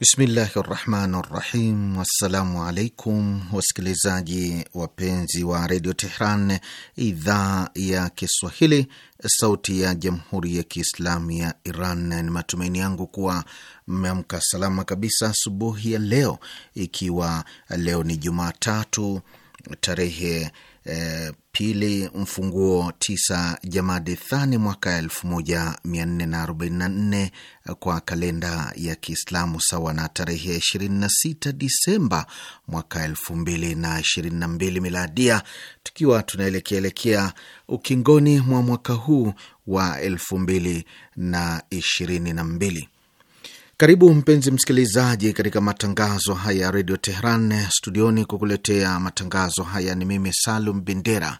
Bismillahi rahmani rahim. Wassalamu alaikum wasikilizaji wapenzi wa redio Tehran, idhaa ya Kiswahili, sauti ya jamhuri ya kiislamu ya Iran. Ni matumaini yangu kuwa mmeamka salama kabisa asubuhi ya leo, ikiwa leo ni Jumatatu tarehe eh, pili mfunguo tisa Jamadi Thani mwaka 1444 kwa kalenda ya Kiislamu sawa na tarehe ya 26 Disemba mwaka 2022 miladia, tukiwa tunaelekeelekea ukingoni mwa mwaka huu wa 2022. Karibu mpenzi msikilizaji, katika matangazo haya ya redio Tehran. Studioni kukuletea matangazo haya ni mimi Salum Bendera.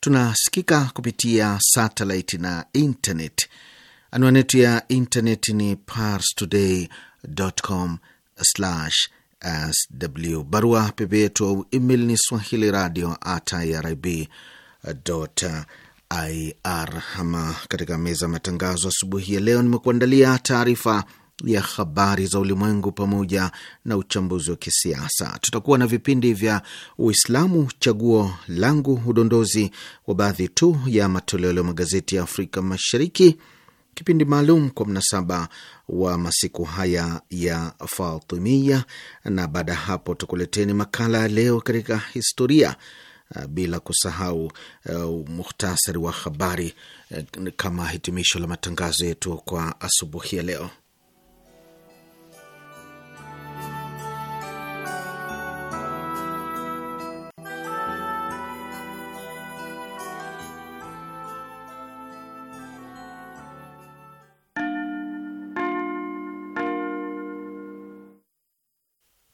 Tunasikika kupitia satelit na internet. Anwani yetu ya internet ni parstoday.com/sw. Barua pepe yetu au email ni swahili radio at irib ir. Ama katika meza ya matangazo asubuhi ya leo nimekuandalia taarifa ya habari za ulimwengu pamoja na uchambuzi wa kisiasa. Tutakuwa na vipindi vya Uislamu, chaguo langu, udondozi wa baadhi tu ya matoleo ya magazeti ya Afrika Mashariki, kipindi maalum kwa mnasaba wa masiku haya ya Fatimia, na baada ya hapo tukuleteni makala ya leo katika historia, eh, bila kusahau uh, muhtasari wa habari uh, kama hitimisho la matangazo yetu kwa asubuhi ya leo.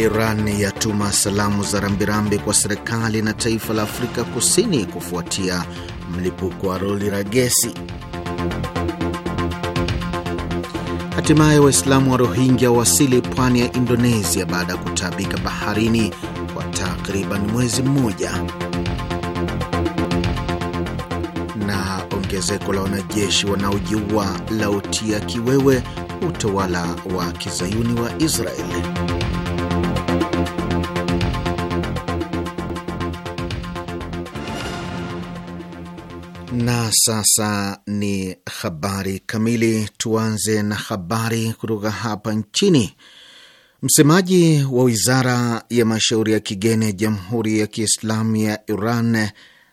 Iran yatuma salamu za rambirambi kwa serikali na taifa la Afrika Kusini kufuatia mlipuko wa roli la gesi. Hatimaye Waislamu wa Rohingya wasili pwani ya Indonesia baada ya kutabika baharini kwa takriban mwezi mmoja, na ongezeko la wanajeshi wanaojiua lautia kiwewe utawala wa kizayuni wa Israeli. Na sasa ni habari kamili. Tuanze na habari kutoka hapa nchini. Msemaji wa wizara ya mashauri ya kigeni ya Jamhuri ya Kiislamu ya Iran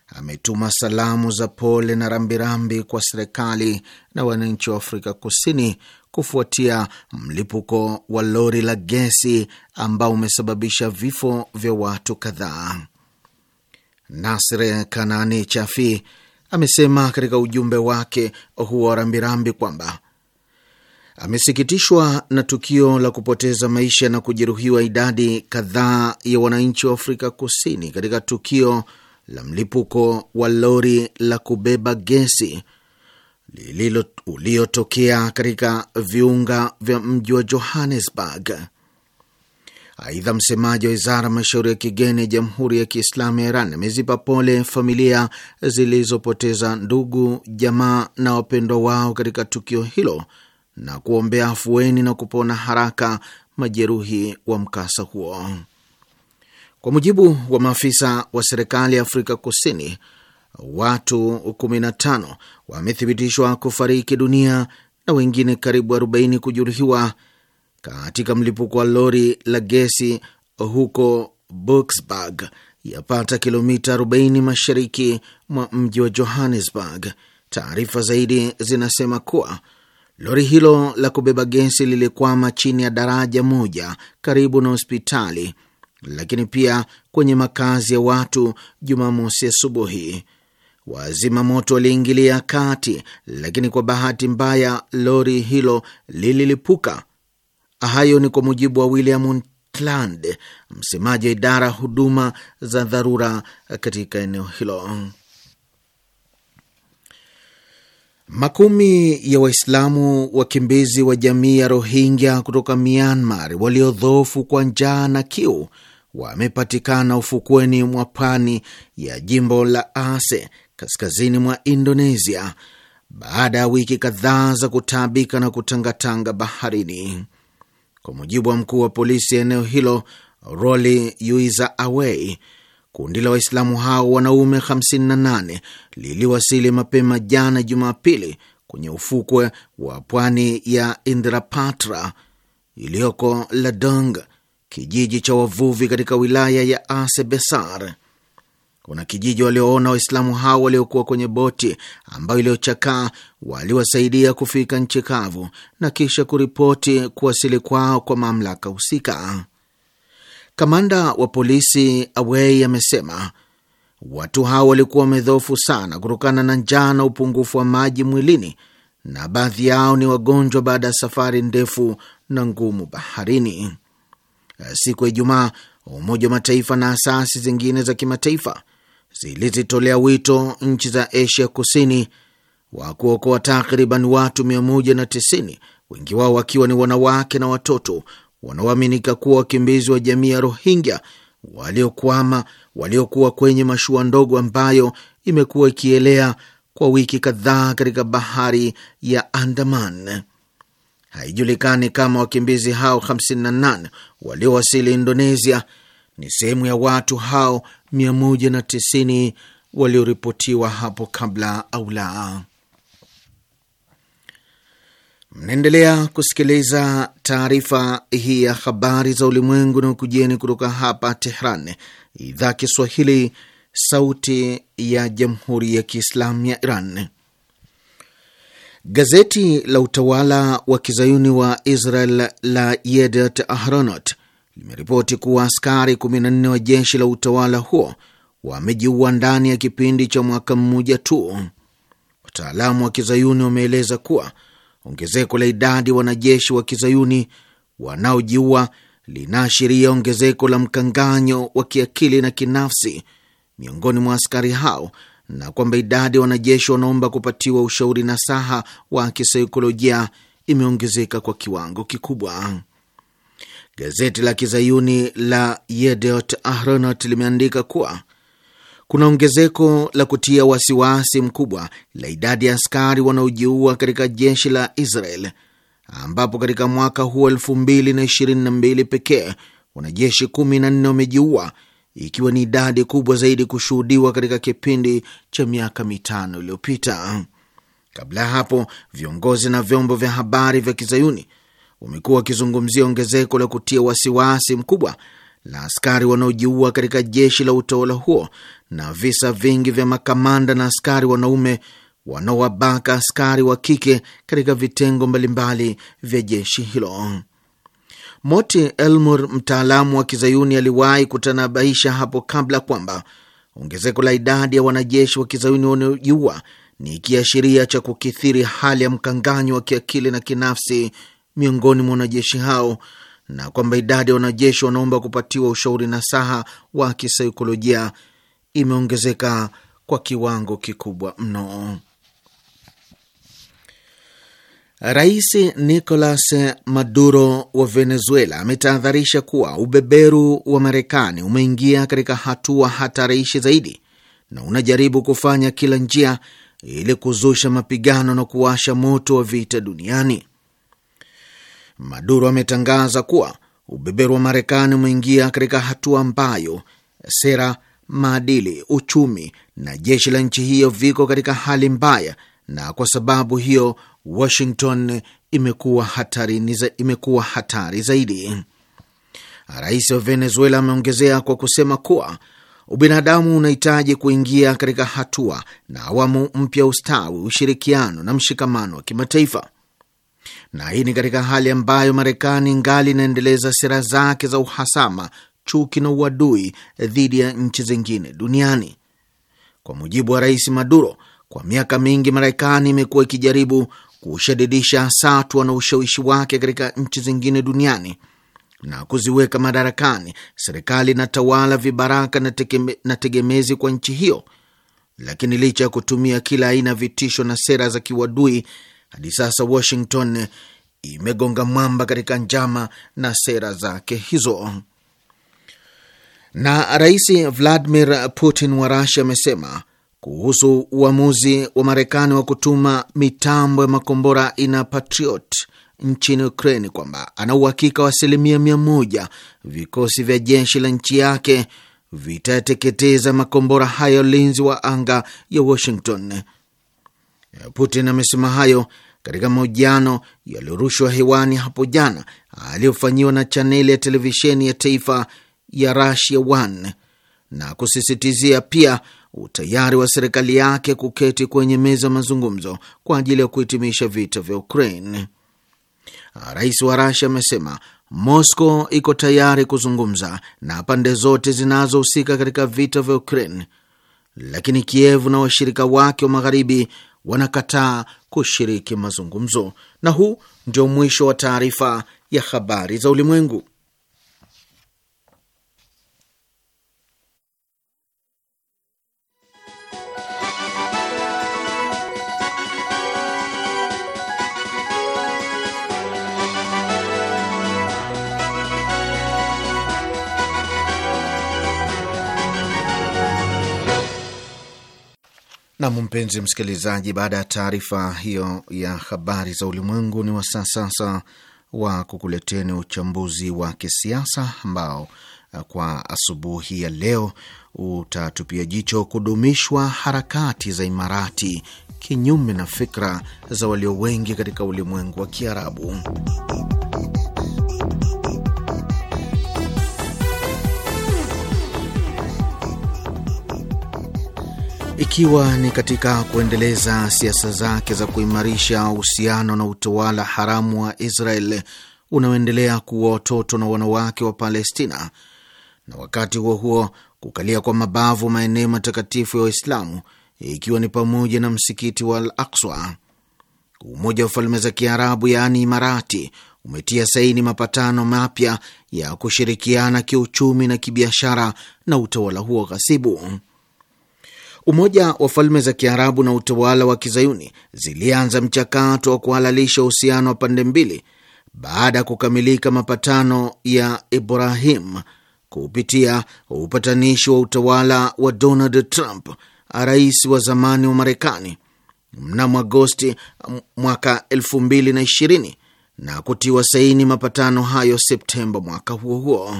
ametuma salamu za pole na rambirambi kwa serikali na wananchi wa Afrika Kusini kufuatia mlipuko wa lori la gesi ambao umesababisha vifo vya watu kadhaa. nasre Kanani Chafi amesema katika ujumbe wake huo rambirambi kwamba amesikitishwa na tukio la kupoteza maisha na kujeruhiwa idadi kadhaa ya wananchi wa Afrika Kusini katika tukio la mlipuko wa lori la kubeba gesi uliotokea katika viunga vya mji wa Johannesburg. Aidha, msemaji wa wizara mashauri ya kigeni ya Jamhuri ya Kiislamu ya Iran amezipa pole familia zilizopoteza ndugu, jamaa na wapendwa wao katika tukio hilo na kuombea afueni na kupona haraka majeruhi wa mkasa huo. Kwa mujibu wa maafisa wa serikali ya Afrika Kusini, watu 15 wamethibitishwa kufariki dunia na wengine karibu 40 kujeruhiwa katika mlipuko wa lori la gesi huko Boksburg, yapata kilomita 40 mashariki mwa mji wa Johannesburg. Taarifa zaidi zinasema kuwa lori hilo la kubeba gesi lilikwama chini ya daraja moja karibu na hospitali, lakini pia kwenye makazi ya watu Jumamosi asubuhi. Wazima moto waliingilia kati, lakini kwa bahati mbaya lori hilo lililipuka Hayo ni kwa mujibu wa William tland msemaji wa idara huduma za dharura katika eneo hilo. Makumi ya Waislamu wakimbizi wa jamii ya Rohingya kutoka Myanmar waliodhoofu kwa njaa na kiu wamepatikana ufukweni mwa pwani ya jimbo la Aceh kaskazini mwa Indonesia baada ya wiki kadhaa za kutaabika na kutangatanga baharini. Kwa mujibu wa mkuu wa polisi eneo hilo Roli Yuiza Awei, kundi la Waislamu hao wanaume 58 liliwasili mapema jana Jumapili kwenye ufukwe wa pwani ya Indrapatra iliyoko Ladong, kijiji cha wavuvi katika wilaya ya Ase Besar kuna kijiji walioona Waislamu hao waliokuwa kwenye boti ambayo iliyochakaa waliwasaidia kufika nchi kavu na kisha kuripoti kuwasili kwao kwa mamlaka husika. Kamanda wa polisi Awei amesema watu hao walikuwa wamedhofu sana kutokana na njaa na upungufu wa maji mwilini, na baadhi yao ni wagonjwa baada ya safari ndefu na ngumu baharini. Siku ya Ijumaa, Umoja wa Mataifa na asasi zingine za kimataifa zilizitolea wito nchi za Asia Kusini wa kuokoa takriban watu 190 wengi wao wakiwa ni wanawake na watoto wanaoaminika kuwa wakimbizi wa jamii ya Rohingya waliokwama waliokuwa kwenye mashua ndogo ambayo imekuwa ikielea kwa wiki kadhaa katika bahari ya Andaman. Haijulikani kama wakimbizi hao 58 waliowasili Indonesia ni sehemu ya watu hao 190 walioripotiwa hapo kabla au la. Mnaendelea kusikiliza taarifa hii ya habari za ulimwengu na ukujieni kutoka hapa Tehran, idhaa Kiswahili, sauti ya jamhuri ya kiislamu ya Iran. Gazeti la utawala wa kizayuni wa Israel la Yediot Ahronot limeripoti kuwa askari 14 wa jeshi la utawala huo wamejiua ndani ya kipindi cha mwaka mmoja tu. Wataalamu wa kizayuni wameeleza kuwa ongezeko la idadi wanajeshi wa kizayuni wanaojiua linaashiria ongezeko la mkanganyo wa kiakili na kinafsi miongoni mwa askari hao na kwamba idadi ya wanajeshi wanaomba kupatiwa ushauri na saha wa kisaikolojia imeongezeka kwa kiwango kikubwa. Gazeti la kizayuni la Yediot Ahronot limeandika kuwa kuna ongezeko la kutia wasiwasi mkubwa la idadi ya askari wanaojiua katika jeshi la Israel ambapo katika mwaka huu 222 pekee wanajeshi 14 wamejiua ikiwa ni idadi kubwa zaidi kushuhudiwa katika kipindi cha miaka mitano iliyopita. Kabla ya hapo, viongozi na vyombo vya habari vya kizayuni umekuwa ukizungumzia ongezeko la kutia wasiwasi mkubwa la askari wanaojiua katika jeshi la utawala huo na visa vingi vya makamanda na askari wanaume wanaowabaka askari wa kike katika vitengo mbalimbali vya jeshi hilo. Moti Elmur, mtaalamu wa kizayuni, aliwahi kutanabaisha hapo kabla kwamba ongezeko la idadi ya wanajeshi wa kizayuni wanaojiua ni kiashiria cha kukithiri hali ya mkanganyo wa kiakili na kinafsi miongoni mwa wanajeshi hao na kwamba idadi ya wanajeshi wanaomba kupatiwa ushauri na saha wa kisaikolojia imeongezeka kwa kiwango kikubwa mno. Rais Nicolas Maduro wa Venezuela ametahadharisha kuwa ubeberu wa Marekani umeingia katika hatua hatarishi zaidi na unajaribu kufanya kila njia ili kuzusha mapigano na kuwasha moto wa vita duniani. Maduro ametangaza kuwa ubeberu wa Marekani umeingia katika hatua ambayo sera, maadili, uchumi na jeshi la nchi hiyo viko katika hali mbaya, na kwa sababu hiyo Washington imekuwa hatari, imekuwa hatari zaidi. Rais wa Venezuela ameongezea kwa kusema kuwa ubinadamu unahitaji kuingia katika hatua na awamu mpya ustawi, ushirikiano na mshikamano wa kimataifa na hii ni katika hali ambayo Marekani ngali inaendeleza sera zake za uhasama, chuki na uadui dhidi ya nchi zingine duniani. Kwa mujibu wa Rais Maduro, kwa miaka mingi Marekani imekuwa ikijaribu kushadidisha satwa na ushawishi wake katika nchi zingine duniani na kuziweka madarakani serikali na tawala vibaraka na, tekeme, na tegemezi kwa nchi hiyo. Lakini licha ya kutumia kila aina ya vitisho na sera za kiwadui hadi sasa Washington imegonga mwamba katika njama na sera zake hizo. Na Rais Vladimir Putin wa Rasia amesema kuhusu uamuzi wa Marekani wa kutuma mitambo ya makombora ina Patriot nchini Ukraini kwamba ana uhakika wa asilimia mia moja vikosi vya jeshi la nchi yake vitateketeza makombora hayo ulinzi wa anga ya Washington. Putin amesema hayo katika mahojiano yaliyorushwa hewani hapo jana aliyofanyiwa na chaneli ya televisheni ya taifa ya Russia One na kusisitizia pia utayari wa serikali yake kuketi kwenye meza mazungumzo kwa ajili ya kuhitimisha vita vya Ukraine. Rais wa Russia amesema Moscow iko tayari kuzungumza na pande zote zinazohusika katika vita vya Ukraine, lakini Kievu na washirika wake wa magharibi wanakataa kushiriki mazungumzo. Na huu ndio mwisho wa taarifa ya habari za ulimwengu. Nam, mpenzi msikilizaji, baada ya taarifa hiyo ya habari za ulimwengu, ni wasaa sasa wa kukuleteni uchambuzi wa kisiasa ambao eh, kwa asubuhi ya leo utatupia jicho kudumishwa harakati za Imarati kinyume na fikra za walio wengi katika ulimwengu wa Kiarabu. ikiwa ni katika kuendeleza siasa zake za kuimarisha uhusiano na utawala haramu wa Israel unaoendelea kuwa watoto na wanawake wa Palestina, na wakati huo huo kukalia kwa mabavu maeneo matakatifu ya Waislamu, ikiwa ni pamoja na msikiti wa Al Akswa. Umoja wa Falme za Kiarabu yaani Imarati umetia saini mapatano mapya ya kushirikiana kiuchumi na kibiashara na utawala huo ghasibu. Umoja wa Falme za Kiarabu na utawala wa kizayuni zilianza mchakato wa kuhalalisha uhusiano wa pande mbili baada ya kukamilika mapatano ya Ibrahim kupitia upatanishi wa utawala wa Donald Trump, rais wa zamani wa Marekani, mnamo Agosti mwaka 2020 na kutiwa saini mapatano hayo Septemba mwaka huo huo.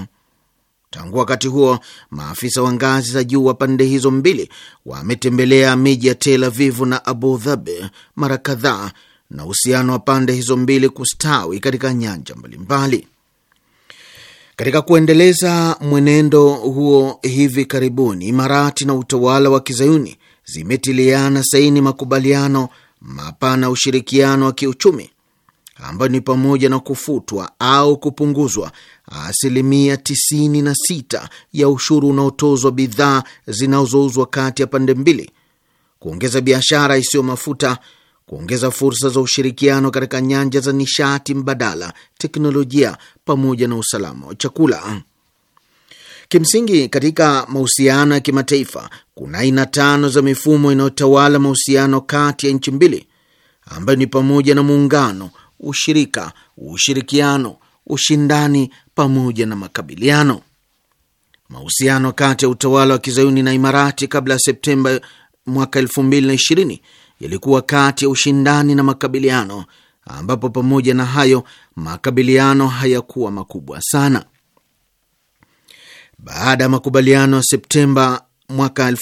Tangu wakati huo maafisa wa ngazi za juu wa pande hizo mbili wametembelea miji ya Tel Avivu na Abu Dhabi mara kadhaa, na uhusiano wa pande hizo mbili kustawi katika nyanja mbalimbali. Katika kuendeleza mwenendo huo, hivi karibuni Imarati na utawala wa kizayuni zimetiliana saini makubaliano mapana ya ushirikiano wa kiuchumi ambayo ni pamoja na kufutwa au kupunguzwa asilimia 96 ya ushuru unaotozwa bidhaa zinazouzwa kati ya pande mbili, kuongeza biashara isiyo mafuta, kuongeza fursa za ushirikiano katika nyanja za nishati mbadala, teknolojia, pamoja na usalama wa chakula. Kimsingi, katika mahusiano ya kimataifa kuna aina tano za mifumo inayotawala mahusiano kati ya nchi mbili, ambayo ni pamoja na muungano, ushirika, ushirikiano, ushindani, pamoja na makabiliano. Mahusiano kati ya utawala wa kizayuni na Imarati kabla ya Septemba mwaka yalikuwa kati ya ushindani na makabiliano, ambapo pamoja na hayo makabiliano hayakuwa makubwa sana. Baada ya makubaliano ya Septemba mwaka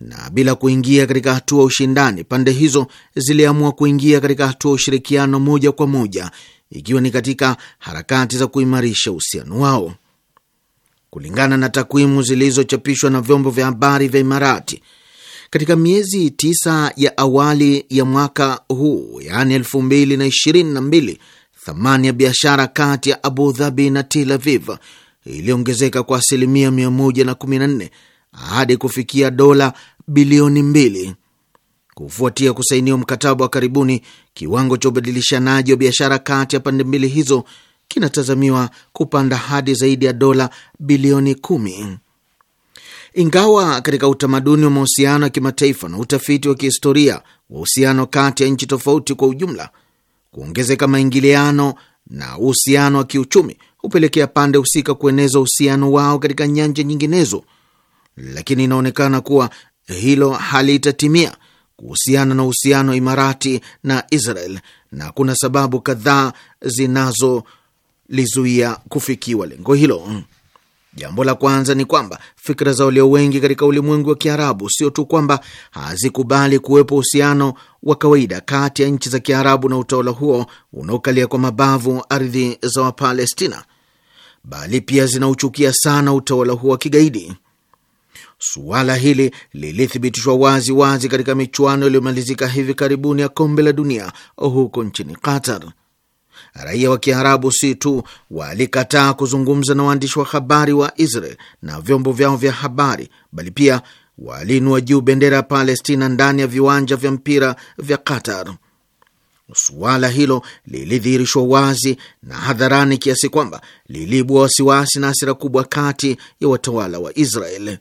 na bila kuingia katika hatua ushindani, pande hizo ziliamua kuingia katika hatua ushirikiano moja kwa moja ikiwa ni katika harakati za kuimarisha uhusiano wao. Kulingana na takwimu zilizochapishwa na vyombo vya habari vya Imarati, katika miezi tisa ya awali ya mwaka huu, yaani elfu thamani ya biashara kati ya Abu Dhabi na Tel Aviv iliongezeka kwa asilimia 114 hadi kufikia dola bilioni mbili. Kufuatia kusainiwa mkataba wa karibuni, kiwango cha ubadilishanaji wa biashara kati ya pande mbili hizo kinatazamiwa kupanda hadi zaidi ya dola bilioni kumi. Ingawa katika utamaduni wa mahusiano ya kimataifa na utafiti wa kihistoria wa uhusiano kati ya nchi tofauti kwa ujumla, kuongezeka maingiliano na uhusiano wa kiuchumi hupelekea pande husika kueneza uhusiano wao katika nyanja nyinginezo, lakini inaonekana kuwa hilo halitatimia kuhusiana na uhusiano wa Imarati na Israel na kuna sababu kadhaa zinazolizuia kufikiwa lengo hilo. Jambo la kwanza ni kwamba fikra za walio wengi katika ulimwengu wa Kiarabu sio tu kwamba hazikubali kuwepo uhusiano wa kawaida kati ya nchi za Kiarabu na utawala huo unaokalia kwa mabavu ardhi za Wapalestina, bali pia zinauchukia sana utawala huo wa kigaidi. Suala hili lilithibitishwa wazi wazi katika michuano iliyomalizika hivi karibuni ya kombe la dunia huko nchini Qatar. Raia wa Kiarabu si tu walikataa kuzungumza na waandishi wa habari wa Israel na vyombo vyao vya habari, bali pia waliinua juu bendera ya Palestina ndani ya viwanja vya mpira vya Qatar. Suala hilo lilidhihirishwa wazi na hadharani kiasi kwamba liliibua wasiwasi na hasira kubwa kati ya watawala wa Israel.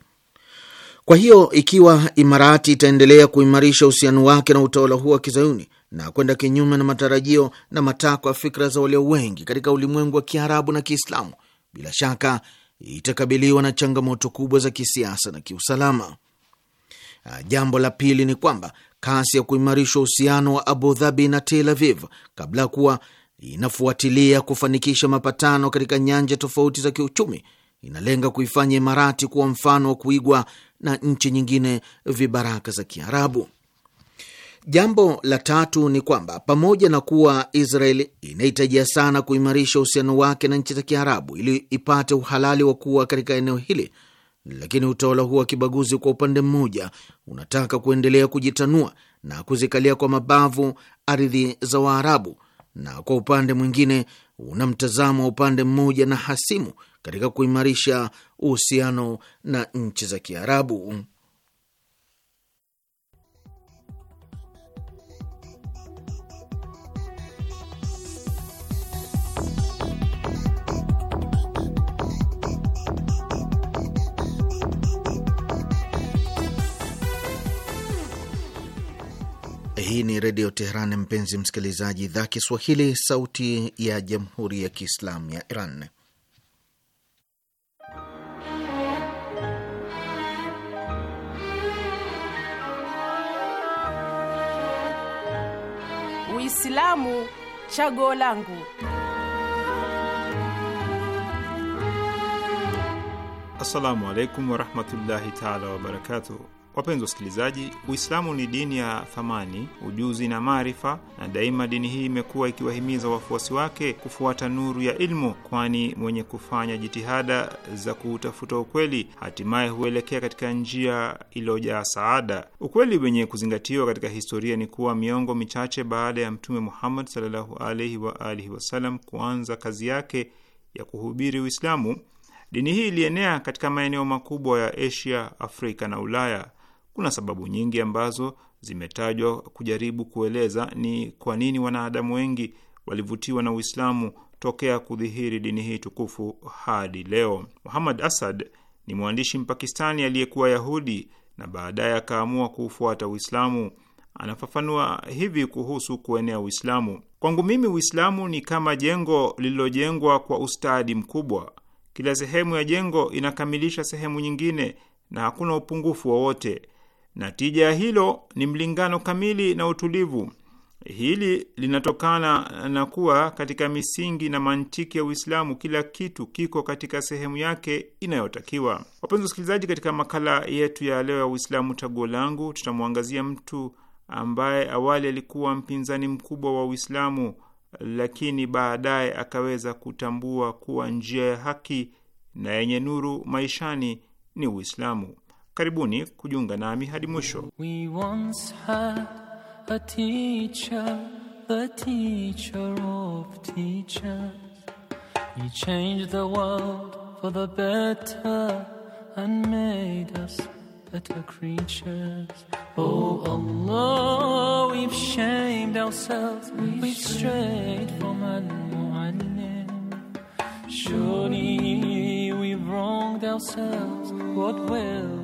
Kwa hiyo ikiwa Imarati itaendelea kuimarisha uhusiano wake na utawala huo wa kizayuni na kwenda kinyume na matarajio na matakwa ya fikra za walio wengi katika ulimwengu wa Kiarabu na Kiislamu, bila shaka itakabiliwa na changamoto kubwa za kisiasa na kiusalama. Ah, jambo la pili ni kwamba kasi ya kuimarisha uhusiano wa Abu Dhabi na Tel Aviv kabla ya kuwa inafuatilia kufanikisha mapatano katika nyanja tofauti za kiuchumi inalenga kuifanya Imarati kuwa mfano wa kuigwa na nchi nyingine vibaraka za Kiarabu. Jambo la tatu ni kwamba pamoja na kuwa Israel inahitajia sana kuimarisha uhusiano wake na nchi za Kiarabu ili ipate uhalali wa kuwa katika eneo hili, lakini utawala huo wa kibaguzi kwa upande mmoja unataka kuendelea kujitanua na kuzikalia kwa mabavu ardhi za Waarabu, na kwa upande mwingine una mtazamo wa upande mmoja na hasimu katika kuimarisha uhusiano na nchi za Kiarabu. Hii ni Redio Teheran, mpenzi msikilizaji, idhaa Kiswahili, sauti ya Jamhuri ya Kiislamu ya Iran. Uislamu chaguo langu. Assalamu alaikum warahmatullahi taala wabarakatuh. Wapenzi wasikilizaji, Uislamu ni dini ya thamani, ujuzi na maarifa, na daima dini hii imekuwa ikiwahimiza wafuasi wake kufuata nuru ya ilmu, kwani mwenye kufanya jitihada za kuutafuta ukweli hatimaye huelekea katika njia iliyojaa saada. Ukweli wenye kuzingatiwa katika historia ni kuwa miongo michache baada ya Mtume Muhammad sallallahu alaihi wa alihi wasallam kuanza kazi yake ya kuhubiri Uislamu, dini hii ilienea katika maeneo makubwa ya Asia, Afrika na Ulaya. Kuna sababu nyingi ambazo zimetajwa kujaribu kueleza ni kwa nini wanadamu wengi walivutiwa na Uislamu tokea kudhihiri dini hii tukufu hadi leo. Muhammad Asad ni mwandishi Mpakistani aliyekuwa Yahudi na baadaye akaamua kuufuata Uislamu. Anafafanua hivi kuhusu kuenea Uislamu: kwangu mimi Uislamu ni kama jengo lililojengwa kwa ustadi mkubwa. Kila sehemu ya jengo inakamilisha sehemu nyingine na hakuna upungufu wowote na tija ya hilo ni mlingano kamili na utulivu. Hili linatokana na kuwa katika misingi na mantiki ya Uislamu kila kitu kiko katika sehemu yake inayotakiwa. Wapenzi wasikilizaji, katika makala yetu ya leo ya Uislamu chaguo langu, tutamwangazia mtu ambaye awali alikuwa mpinzani mkubwa wa Uislamu, lakini baadaye akaweza kutambua kuwa njia ya haki na yenye nuru maishani ni Uislamu. We once had a teacher, a teacher of teachers. He changed the world for the better and made us better creatures. Oh Allah, we've shamed ourselves, we've strayed from Al Muallim. Surely we've wronged ourselves, what will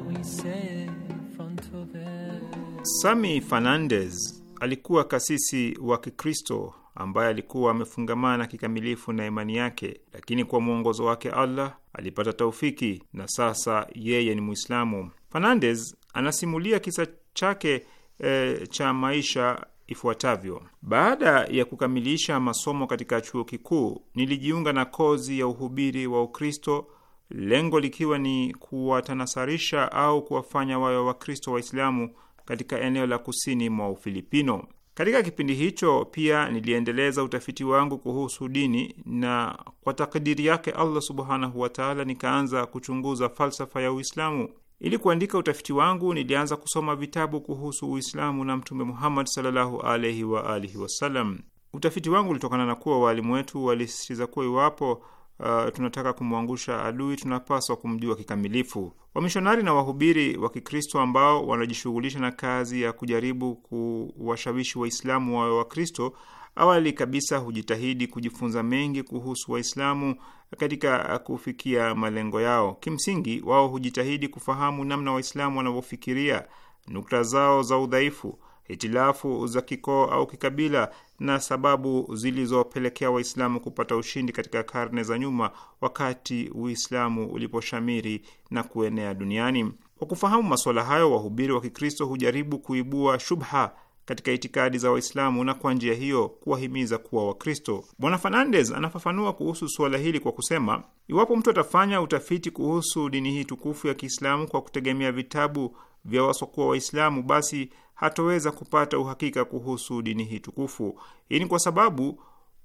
Sami Fernandez alikuwa kasisi wa Kikristo ambaye alikuwa amefungamana kikamilifu na imani yake, lakini kwa mwongozo wake Allah alipata taufiki na sasa yeye ni Mwislamu. Fernandez anasimulia kisa chake e, cha maisha ifuatavyo. Baada ya kukamilisha masomo katika chuo kikuu, nilijiunga na kozi ya uhubiri wa Ukristo lengo likiwa ni kuwatanasarisha au kuwafanya wawe Wakristo Waislamu katika eneo la kusini mwa Ufilipino. Katika kipindi hicho pia niliendeleza utafiti wangu kuhusu dini, na kwa takdiri yake Allah subhanahu wataala, nikaanza kuchunguza falsafa ya Uislamu. Ili kuandika utafiti wangu, nilianza kusoma vitabu kuhusu Uislamu na Mtume Muhammad sallallahu alaihi wa alihi wasallam. Utafiti wangu ulitokana na kuwa waalimu wetu walisisitiza kuwa iwapo uh, tunataka kumwangusha adui, tunapaswa kumjua kikamilifu. Wamishonari na wahubiri wa Kikristo ambao wanajishughulisha na kazi ya kujaribu kuwashawishi Waislamu wawe Wakristo awali kabisa hujitahidi kujifunza mengi kuhusu Waislamu katika kufikia malengo yao. Kimsingi, wao hujitahidi kufahamu namna Waislamu wanavyofikiria, nukta zao za udhaifu hitilafu za kikoo au kikabila na sababu zilizopelekea Waislamu kupata ushindi katika karne za nyuma wakati Uislamu uliposhamiri na kuenea duniani. Kwa kufahamu masuala hayo, wahubiri wa Kikristo hujaribu kuibua shubha katika itikadi za Waislamu na kwa njia hiyo kuwahimiza kuwa Wakristo. Bwana Fernandes anafafanua kuhusu suala hili kwa kusema, iwapo mtu atafanya utafiti kuhusu dini hii tukufu ya Kiislamu kwa kutegemea vitabu vya wasokuwa Waislamu, basi hatoweza kupata uhakika kuhusu dini hii tukufu. Hii ni kwa sababu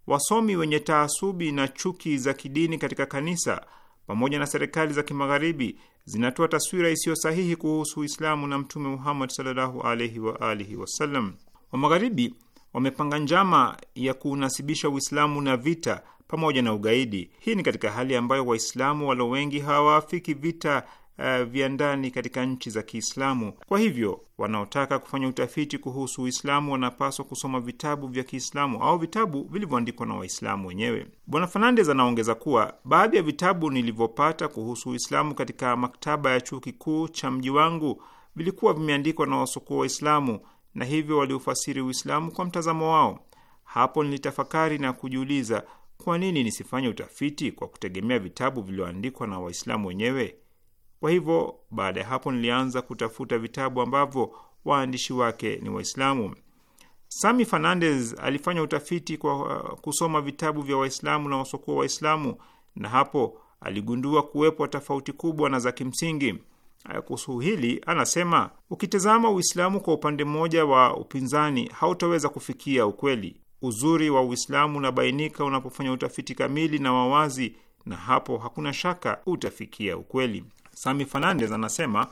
wasomi wenye taasubi na chuki za kidini katika kanisa pamoja na serikali za kimagharibi zinatoa taswira isiyo sahihi kuhusu Uislamu na Mtume Muhammad sallallahu alaihi wa alihi wasallam. Wa magharibi wamepanga njama ya kuunasibisha Uislamu na vita pamoja na ugaidi. Hii ni katika hali ambayo Waislamu walo wengi hawaafiki vita uh, vya ndani katika nchi za Kiislamu. Kwa hivyo wanaotaka kufanya utafiti kuhusu Uislamu wanapaswa kusoma vitabu vya Kiislamu au vitabu vilivyoandikwa na Waislamu wenyewe. Bwana Fernandes anaongeza kuwa baadhi ya vitabu nilivyopata kuhusu Uislamu katika maktaba ya chuo kikuu cha mji wangu vilikuwa vimeandikwa na wasokoa Waislamu na hivyo waliufasiri Uislamu kwa mtazamo wao. Hapo nilitafakari na kujiuliza, kwa nini nisifanye utafiti kwa kutegemea vitabu vilivyoandikwa na Waislamu wenyewe? Kwa hivyo baada ya hapo nilianza kutafuta vitabu ambavyo waandishi wake ni Waislamu. Sami Fernandez alifanya utafiti kwa uh, kusoma vitabu vya Waislamu na wasokuwa Waislamu, na hapo aligundua kuwepo tofauti kubwa na za kimsingi. Kuhusu hili anasema, ukitazama Uislamu kwa upande mmoja wa upinzani, hautaweza kufikia ukweli. Uzuri wa Uislamu unabainika unapofanya utafiti kamili na wawazi, na hapo hakuna shaka utafikia ukweli. Sami Fernandes anasema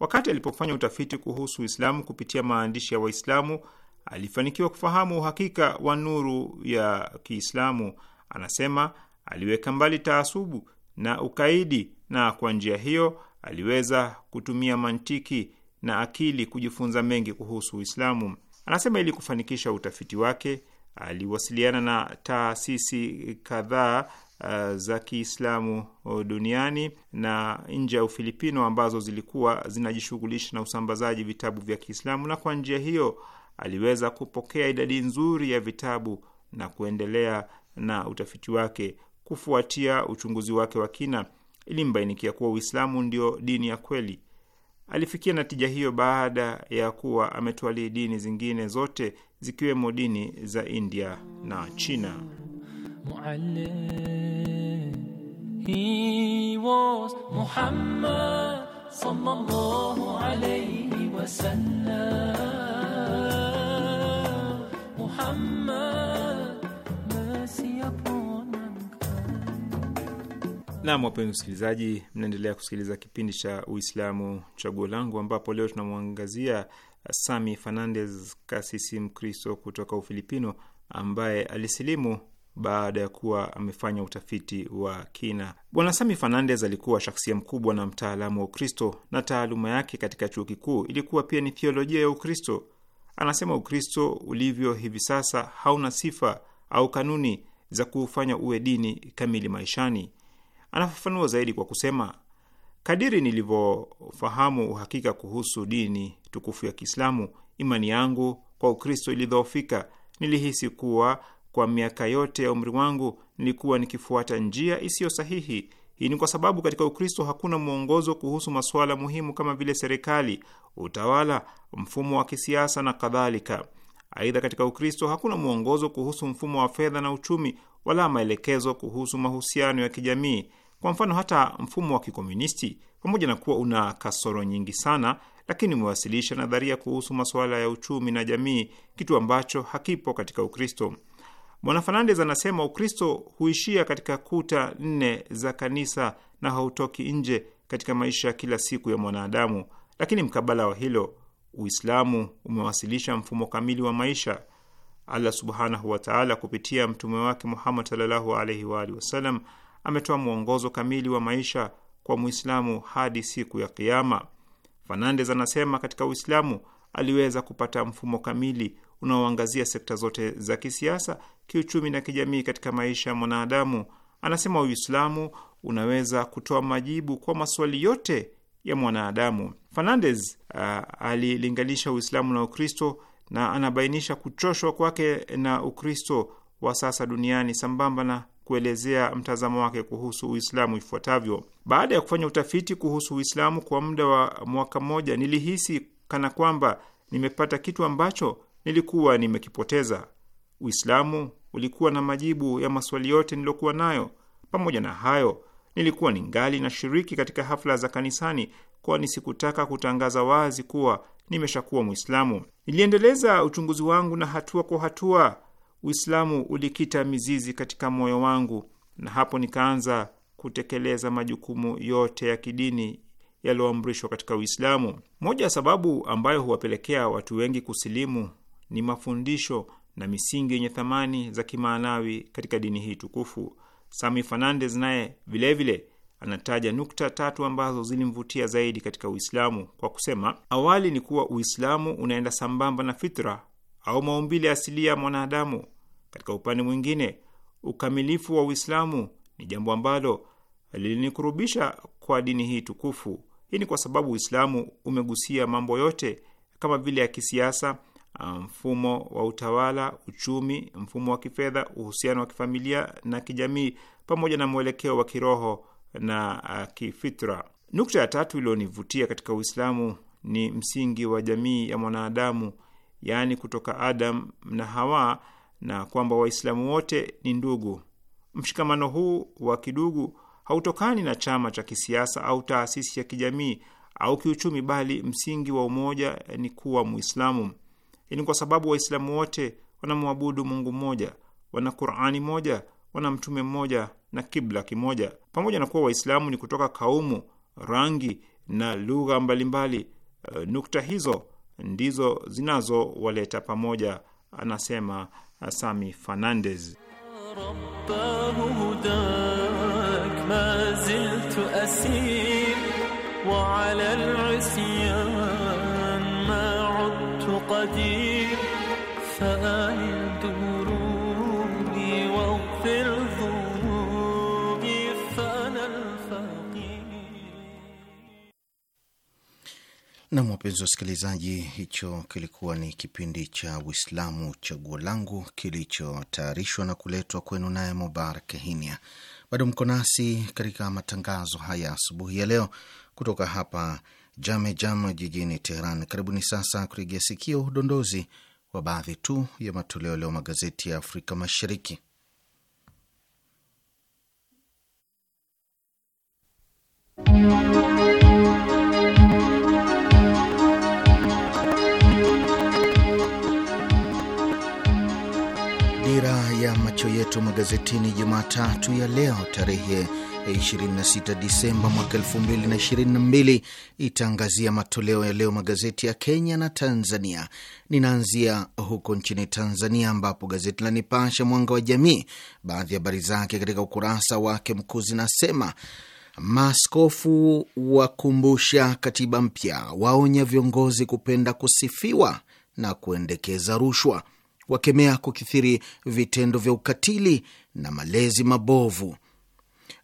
wakati alipofanya utafiti kuhusu Uislamu kupitia maandishi ya Waislamu alifanikiwa kufahamu uhakika wa nuru ya Kiislamu. Anasema aliweka mbali taasubu na ukaidi, na kwa njia hiyo aliweza kutumia mantiki na akili kujifunza mengi kuhusu Uislamu. Anasema ili kufanikisha utafiti wake aliwasiliana na taasisi kadhaa uh, za Kiislamu uh, duniani na nje ya Ufilipino ambazo zilikuwa zinajishughulisha na usambazaji vitabu vya Kiislamu, na kwa njia hiyo aliweza kupokea idadi nzuri ya vitabu na kuendelea na utafiti wake. Kufuatia uchunguzi wake wa kina, ilimbainikia kuwa Uislamu ndio dini ya kweli. Alifikia natija hiyo baada ya kuwa ametwalii dini zingine zote zikiwemo dini za India na China. معلم He was صلى الله عليه وسلم wapenzi msikilizaji, mnaendelea kusikiliza kipindi cha Uislamu Chaguo Langu, ambapo leo tunamwangazia Sami Fernandez, kasisi Mkristo kutoka Ufilipino ambaye alisilimu baada ya kuwa amefanya utafiti wa kina. Bwana Sami Fernandez alikuwa shaksia mkubwa na mtaalamu wa Ukristo, na taaluma yake katika chuo kikuu ilikuwa pia ni thiolojia ya Ukristo. Anasema Ukristo ulivyo hivi sasa hauna sifa au kanuni za kuufanya uwe dini kamili maishani. Anafafanua zaidi kwa kusema, kadiri nilivyofahamu uhakika kuhusu dini tukufu ya Kiislamu, imani yangu kwa Ukristo ilidhoofika. Nilihisi kuwa kwa miaka yote ya umri wangu nilikuwa nikifuata njia isiyo sahihi. Hii ni kwa sababu katika Ukristo hakuna mwongozo kuhusu masuala muhimu kama vile serikali, utawala, mfumo wa kisiasa na kadhalika. Aidha, katika Ukristo hakuna mwongozo kuhusu mfumo wa fedha na uchumi, wala maelekezo kuhusu mahusiano ya kijamii. Kwa mfano, hata mfumo wa kikomunisti, pamoja na kuwa una kasoro nyingi sana, lakini umewasilisha nadharia kuhusu masuala ya uchumi na jamii, kitu ambacho hakipo katika Ukristo. Bwana Fernandes anasema Ukristo huishia katika kuta nne za kanisa na hautoki nje katika maisha ya kila siku ya mwanadamu, lakini mkabala wa hilo Uislamu umewasilisha mfumo kamili wa maisha. Allah subhanahu wataala kupitia mtume wake Muhammad sallallahu alaihi wa alihi wasallam ametoa mwongozo kamili wa maisha kwa Muislamu hadi siku ya Kiama. Fernandes anasema katika Uislamu aliweza kupata mfumo kamili unaoangazia sekta zote za kisiasa, kiuchumi na kijamii katika maisha ya mwanadamu. Anasema Uislamu unaweza kutoa majibu kwa maswali yote ya mwanadamu. Fernandez uh, alilinganisha Uislamu na Ukristo na anabainisha kuchoshwa kwake na Ukristo wa sasa duniani sambamba na kuelezea mtazamo wake kuhusu Uislamu ifuatavyo: baada ya kufanya utafiti kuhusu Uislamu kwa muda wa mwaka mmoja, nilihisi kana kwamba nimepata kitu ambacho nilikuwa nimekipoteza. Uislamu ulikuwa na majibu ya maswali yote niliyokuwa nayo. Pamoja na hayo, nilikuwa ningali na shiriki katika hafla za kanisani, kwani sikutaka kutangaza wazi kuwa nimeshakuwa Mwislamu. Niliendeleza uchunguzi wangu na hatua kwa hatua Uislamu ulikita mizizi katika moyo wangu, na hapo nikaanza kutekeleza majukumu yote ya kidini yaliyoamrishwa katika Uislamu. Moja ya sababu ambayo huwapelekea watu wengi kusilimu ni mafundisho na misingi yenye thamani za kimaanawi katika dini hii tukufu. Sami Fernandez naye vilevile anataja nukta tatu ambazo zilimvutia zaidi katika Uislamu kwa kusema, awali ni kuwa Uislamu unaenda sambamba na fitra au maumbile asilia ya mwanadamu. Katika upande mwingine, ukamilifu wa Uislamu ni jambo ambalo lilinikurubisha kwa dini hii tukufu. Hii ni kwa sababu Uislamu umegusia mambo yote kama vile ya kisiasa Ah, mfumo wa utawala, uchumi, mfumo wa kifedha, uhusiano wa kifamilia na kijamii, pamoja na mwelekeo wa kiroho na ah, kifitra. Nukta ya tatu iliyonivutia katika Uislamu ni msingi wa jamii ya mwanadamu, yaani kutoka Adam na Hawa, na kwamba Waislamu wote ni ndugu. Mshikamano huu wa kidugu hautokani na chama cha kisiasa au taasisi ya kijamii au kiuchumi, bali msingi wa umoja ni kuwa Muislamu. Hii ni kwa sababu Waislamu wote wanamwabudu Mungu mmoja, wana Qurani moja, wana mtume mmoja na kibla kimoja. Pamoja na kuwa Waislamu ni kutoka kaumu, rangi na lugha mbalimbali, eh, nukta hizo ndizo zinazowaleta pamoja, anasema eh, Sami Fernandez. قدير فآمن دروبي واغفر ذنوبي فأنا الفقير. Nam, wapenzi wasikilizaji, hicho kilikuwa ni kipindi cha Uislamu Chaguo Langu kilichotayarishwa na kuletwa kwenu naye Mubarak Hinia. Bado mko nasi katika matangazo haya asubuhi ya leo kutoka hapa jame jama jijini Teheran. Karibuni sasa kuregea sikio udondozi wa baadhi tu ya matoleo leo magazeti ya Afrika Mashariki. macho yetu magazetini Jumatatu ya leo tarehe 26 Disemba mwaka 2022 itaangazia matoleo ya leo magazeti ya Kenya na Tanzania. Ninaanzia huko nchini Tanzania, ambapo gazeti la nipasha Mwanga wa Jamii, baadhi ya habari zake katika ukurasa wake mkuu zinasema maskofu wakumbusha katiba mpya, waonya viongozi kupenda kusifiwa na kuendekeza rushwa wakemea kukithiri vitendo vya ukatili na malezi mabovu.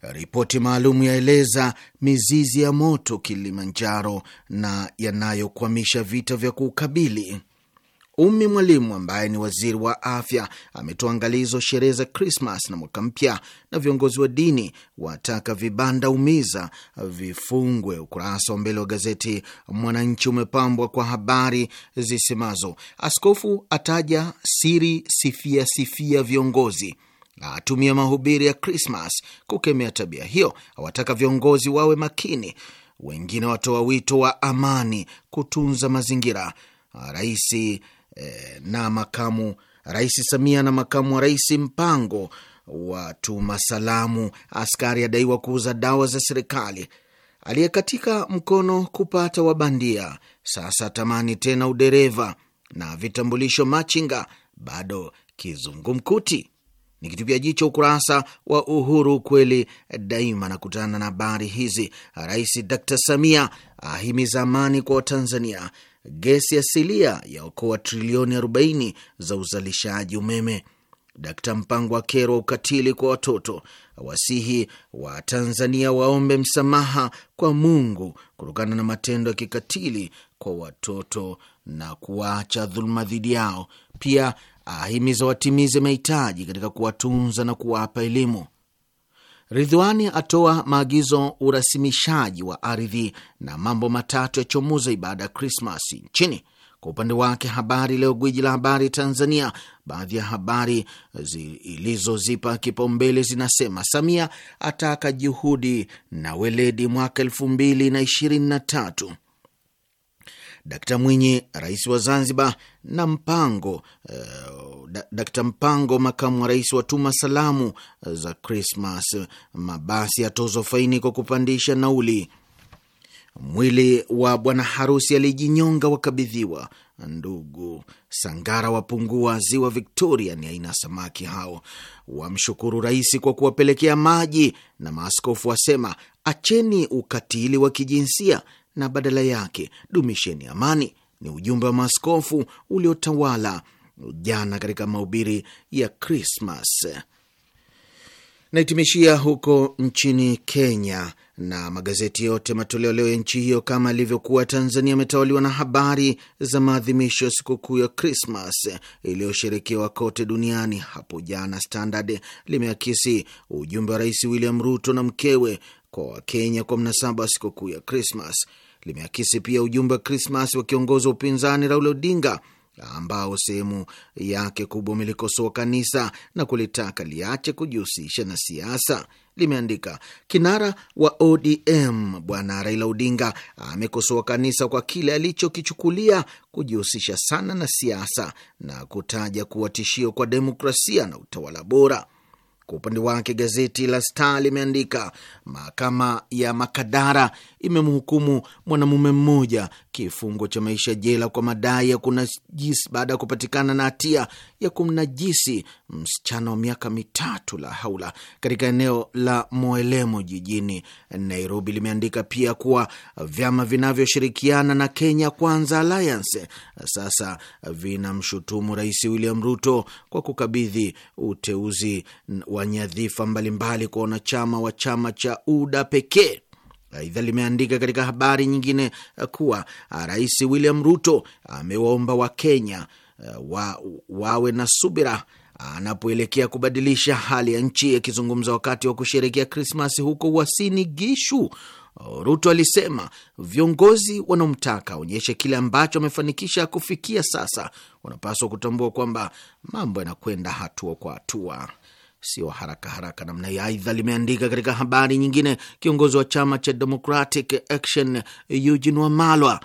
Ripoti maalum yaeleza mizizi ya moto Kilimanjaro na yanayokwamisha vita vya kuukabili umi Mwalimu ambaye ni waziri wa afya ametoa angalizo sherehe za Krismas na mwaka mpya, na viongozi wa dini wataka vibanda umiza vifungwe. Ukurasa wa mbele wa gazeti Mwananchi umepambwa kwa habari zisemazo: askofu ataja siri, sifia sifia viongozi atumia mahubiri ya Krismas kukemea tabia hiyo, awataka viongozi wawe makini. Wengine watoa wito wa amani, kutunza mazingira. raisi Eh, na makamu Rais Samia na makamu wa rais Mpango watuma salamu. Askari adaiwa kuuza dawa za serikali. Aliyekatika mkono kupata wabandia sasa tamani tena udereva. Na vitambulisho machinga bado kizungumkuti. Nikitupia jicho ukurasa wa Uhuru kweli daima, nakutana na habari hizi. Rais Dr Samia ahimiza amani kwa Watanzania gesi asilia yaokoa trilioni 40 za uzalishaji umeme. Dkt Mpango akerwa ukatili kwa watoto, wasihi wa Tanzania waombe msamaha kwa Mungu kutokana na matendo ya kikatili kwa watoto na kuwaacha dhuluma dhidi yao. Pia ahimiza watimize mahitaji katika kuwatunza na kuwapa elimu ridhwani atoa maagizo urasimishaji wa ardhi na mambo matatu ya chomuza ibada ya Krismasi nchini. Kwa upande wake, Habari Leo, gwiji la habari Tanzania, baadhi ya habari zilizozipa kipaumbele zinasema: Samia ataka juhudi na weledi mwaka elfu mbili na ishirini na tatu. Dkt Mwinyi, rais wa Zanzibar, na Mpango uh, eh, Dakta Mpango, makamu wa rais, watuma salamu eh, za Krismas. Mabasi yatozwa faini kwa kupandisha nauli. Mwili wa bwana harusi alijinyonga wakabidhiwa ndugu. Sangara wapungua ziwa Victoria, ni aina samaki hao. Wamshukuru rais kwa kuwapelekea maji, na maaskofu wasema acheni ukatili wa kijinsia na badala yake dumisheni amani, ni ujumbe wa maaskofu uliotawala jana katika mahubiri ya Krismas. Naitimishia huko nchini Kenya, na magazeti yote matoleo leo ya nchi hiyo kama ilivyokuwa Tanzania yametawaliwa na habari za maadhimisho ya sikukuu ya Krismas iliyosherekewa kote duniani hapo jana. Standard limeakisi ujumbe wa Rais William Ruto na mkewe kwa Wakenya kwa mnasaba wa sikukuu ya Krismas limeakisi pia ujumbe wa Krismas wa kiongozi wa upinzani Raila Odinga ambao sehemu yake kubwa umelikosoa kanisa na kulitaka liache kujihusisha na siasa. Limeandika, kinara wa ODM Bwana Raila Odinga amekosoa kanisa kwa kile alichokichukulia kujihusisha sana na siasa na kutaja kuwa tishio kwa demokrasia na utawala bora. Kwa upande wake gazeti la Star limeandika mahakama ya Makadara imemhukumu mwanamume mmoja kifungo cha maisha jela kwa madai ya kunajisi baada ya kupatikana na hatia ya kumnajisi msichana wa miaka mitatu. La haula, katika eneo la Moelemo jijini Nairobi. Limeandika pia kuwa vyama vinavyoshirikiana na Kenya Kwanza Alliance sasa vinamshutumu Rais William Ruto kwa kukabidhi uteuzi wa nyadhifa mbalimbali kwa wanachama wa chama cha UDA pekee. Aidha, limeandika katika habari nyingine kuwa ah, Rais William Ruto amewaomba Wakenya eh, wa, wawe na subira anapoelekea kubadilisha hali ya nchi. Akizungumza wakati wa kusherekea Krismasi huko Uasini Gishu, Ruto alisema viongozi wanaomtaka aonyeshe kile ambacho amefanikisha kufikia sasa wanapaswa kutambua kwamba mambo yanakwenda hatua kwa hatua sio haraka haraka namna hii. Aidha, limeandika katika habari nyingine, kiongozi wa chama cha Democratic Action Eugene Wamalwa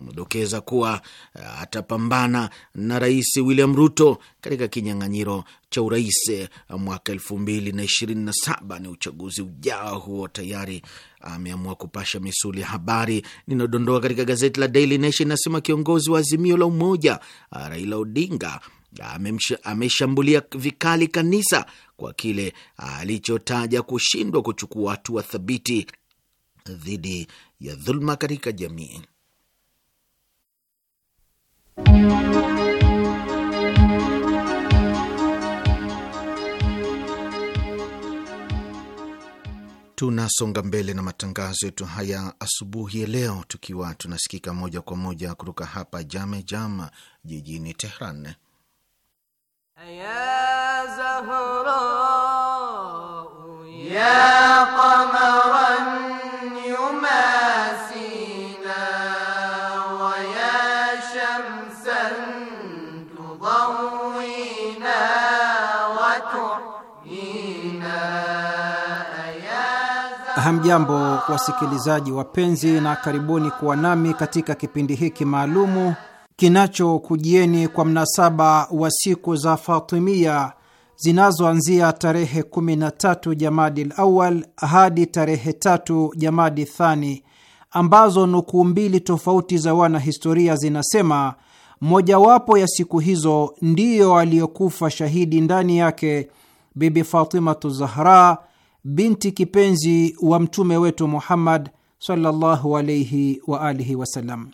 amedokeza kuwa eh, atapambana na Rais William Ruto katika kinyang'anyiro cha urais eh, mwaka elfu mbili na ishirini na saba ni uchaguzi ujao huo. Tayari ameamua kupasha misuli ya habari. Ninadondoa katika gazeti la Daily Nation, nasema kiongozi wa Azimio la Umoja Raila Odinga ameshambulia vikali kanisa kwa kile alichotaja kushindwa kuchukua hatua thabiti dhidi ya dhuluma katika jamii. Tunasonga mbele na matangazo yetu haya asubuhi ya leo, tukiwa tunasikika moja kwa moja kutoka hapa Jame Jama jijini Tehran. Hamjambo, wasikilizaji wapenzi, na karibuni kuwa nami katika kipindi hiki maalumu kinachokujieni kwa mnasaba wa siku za Fatimia zinazoanzia tarehe 13 Jamadi Lawal hadi tarehe tatu Jamadi Thani, ambazo nukuu mbili tofauti za wanahistoria zinasema mojawapo ya siku hizo ndiyo aliyokufa shahidi ndani yake Bibi Fatimatu Zahra, binti kipenzi wa mtume wetu Muhammad sallallahu alaihi waalihi wasalam.